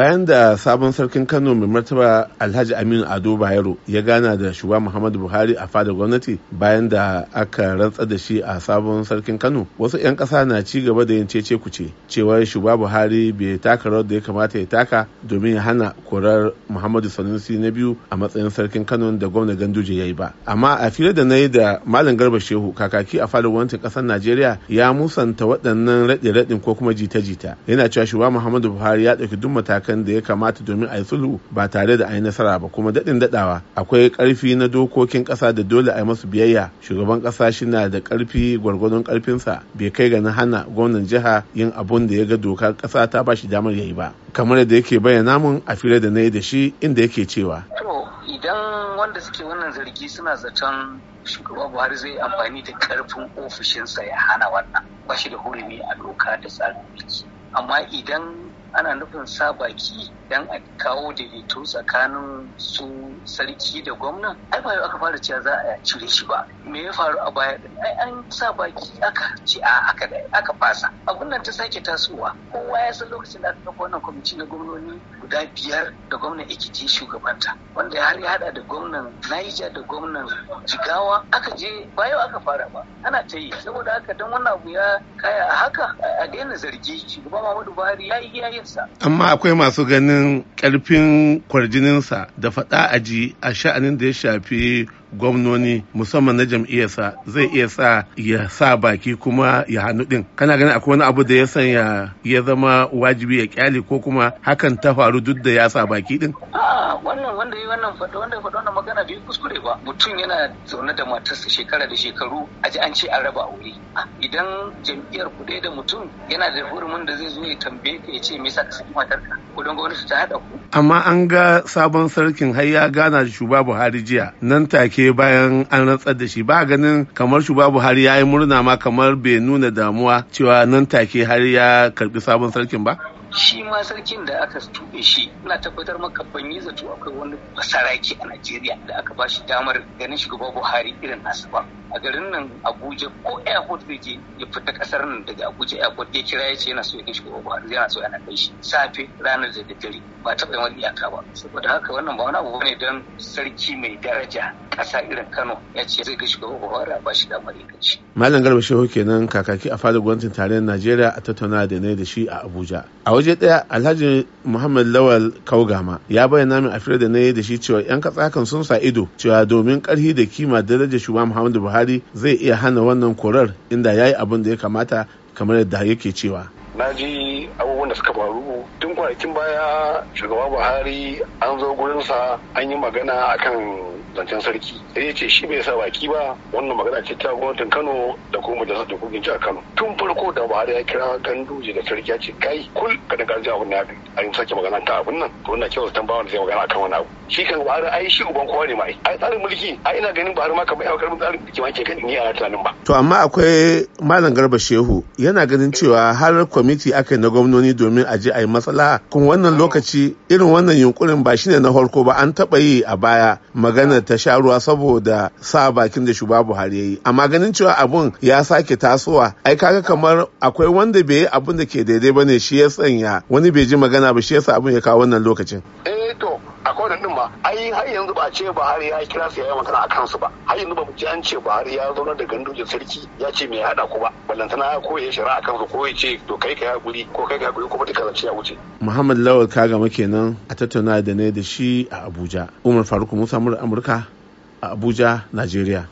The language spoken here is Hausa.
bayan da sabon sarkin kano mai martaba alhaji aminu ado bayero ya gana da shugaba muhammadu buhari a fadar gwamnati bayan da aka rantsar da shi a sabon sarkin kano wasu 'yan ƙasa na ci gaba da yin cece kuce cewa shugaba buhari bai taka rawar da ya kamata ya taka domin ya hana korar muhammadu sanusi na biyu a matsayin sarkin kano da gwamna ganduje ya yi ba amma a fili da na yi da malam garba shehu kakaki a fadar gwamnatin ƙasar najeriya ya musanta waɗannan raɗe-raɗin ko kuma jita-jita yana cewa shugaba muhammadu buhari ya ɗauki duk matakan matakan da ya kamata domin a yi sulhu ba tare da a yi nasara ba kuma daɗin daɗawa akwai ƙarfi na dokokin ƙasa da dole a yi masu biyayya shugaban ƙasa shi na da ƙarfi gwargwadon ƙarfinsa bai kai ga na hana gwamnan jiha yin abun da ya ga dokar ƙasa ta ba shi damar ya yi ba kamar da yake bayyana mun a fira da na yi da shi inda yake cewa. idan wanda suke wannan zargi suna zaton shugaba buhari zai amfani da karfin ofishinsa ya hana wannan ba shi da hurumi a doka da tsarin amma idan ana nufin sa baki don a kawo daidaito tsakanin su sarki da gwamna ai ba aka fara cewa za a cire shi ba me ya faru a baya din ai an sa baki aka ce a aka aka fasa abun nan ta sake tasowa kowa ya san lokacin da aka kafa wannan kwamiti na gwamnoni guda biyar da gwamnan Ekiti shugabanta wanda har ya hada da gwamnan Niger da gwamnan Jigawa aka je ba yau aka fara ba ana ta yi saboda haka dan wannan abu ya kaya a haka a daina zargi shugaba Muhammadu Buhari ya yi Amma akwai masu ganin ƙarfin kwarjininsa da faɗa aji a sha'anin da ya shafi gwamnoni musamman na jam'iyyarsa zai iya sa ya sa baki kuma ya hannu din kana ganin akwai wani abu da ya sanya ya zama wajibi ya kyale ko kuma hakan ta faru duk da ya sa baki din wannan wanda yi wannan faɗo wanda ya faɗo wannan magana bai kuskure ba mutum yana zaune da matarsa shekara da shekaru a ji an ce an raba aure ah, idan jam'iyyar ku da mutum yana da hurumin da zai zo ya tambaye ka ya ce me yasa ka saki matarka ko don gwamnati ta haɗa ku amma an ga sabon sarkin har ya gana da shugaba Buhari jiya nan take take bayan an rantsar da shi ba ganin kamar shugaba Buhari ya yi murna ma kamar bai nuna damuwa cewa nan take har ya karbi sabon sarkin ba? shi ma sarkin da aka tuɓe shi ina tabbatar maka ban yi zato akwai wani basaraki a Najeriya da aka ba shi damar ganin shugaba Buhari irin nasu ba a garin nan Abuja ko airport zai je ya fita kasar nan daga Abuja airport ya kira ya ce yana so ya kai shugaba Buhari yana so yana kai shi safe ranar da daddare ba taɓa yin iyaka ba saboda haka wannan ba wani abu bane don sarki mai daraja ƙasa irin Kano ya ce zai kai shugaba Buhari a ba shi damar ya kai shi. Malam Garba Shehu kenan kakaki a fadar gwamnatin tarayyar Najeriya a tattauna da ne da shi a Abuja. A waje ɗaya alhaji muhammad lawal kaugama ya bayyana min afirar da na yi da shi cewa yan katsakan sun sa ido cewa domin karhi da kima daraja shugaba muhammadu buhari zai iya hana wannan korar inda ya yi abin da ya kamata kamar yadda yake cewa na ji abubuwan da suka faru tun kwanakin baya shugaba buhari an zo gurinsa an yi magana akan zancen sarki sai ya ce shi bai sa baki ba wannan magana ce ta gwamnatin kano da kuma majalisar dokokin jihar kano tun farko da buhari ya kira ganduje da sarki ya ce kai kul ka da garjiya abin na a yi sake magana ta abin nan to wannan kyau tambawa da zai magana akan wani abu shi kan buhari ai shi uban kowa ne ma ai tsarin mulki ai ina ganin buhari ma kamar yawan tsarin da ma ke kan ni a tunanin ba. to amma akwai malam garba shehu yana ganin cewa har kwamiti aka yi na gwamnoni domin a je a yi matsala. kuma wannan lokaci irin wannan yunkurin ba shine na farko ba an taɓa yi a baya magana ta sha ruwa saboda sa bakin da shugaba Buhari ya yi amma ganin cewa abun ya sake tasowa ai kaga kamar akwai wanda bai abun da ke daidai bane shi ya sanya wani bai ji magana ba shi yasa abun ya kawo wannan lokacin. Eh, a kowane din ma ai har yanzu ba ce Buhari ya kira su yayi magana a kansu ba har yanzu ba mu ji an ce Buhari ya zo da da sarki ya ce me ya hada ku ba ballantana ya koye shari'a a kansu ko ya ce to kai ka guri ko kai ka guri kuma duka zance ya wuce Muhammad Lawal gama kenan a tattauna da ne da shi a Abuja Umar Faruk Musa Amurka a Abuja Najeriya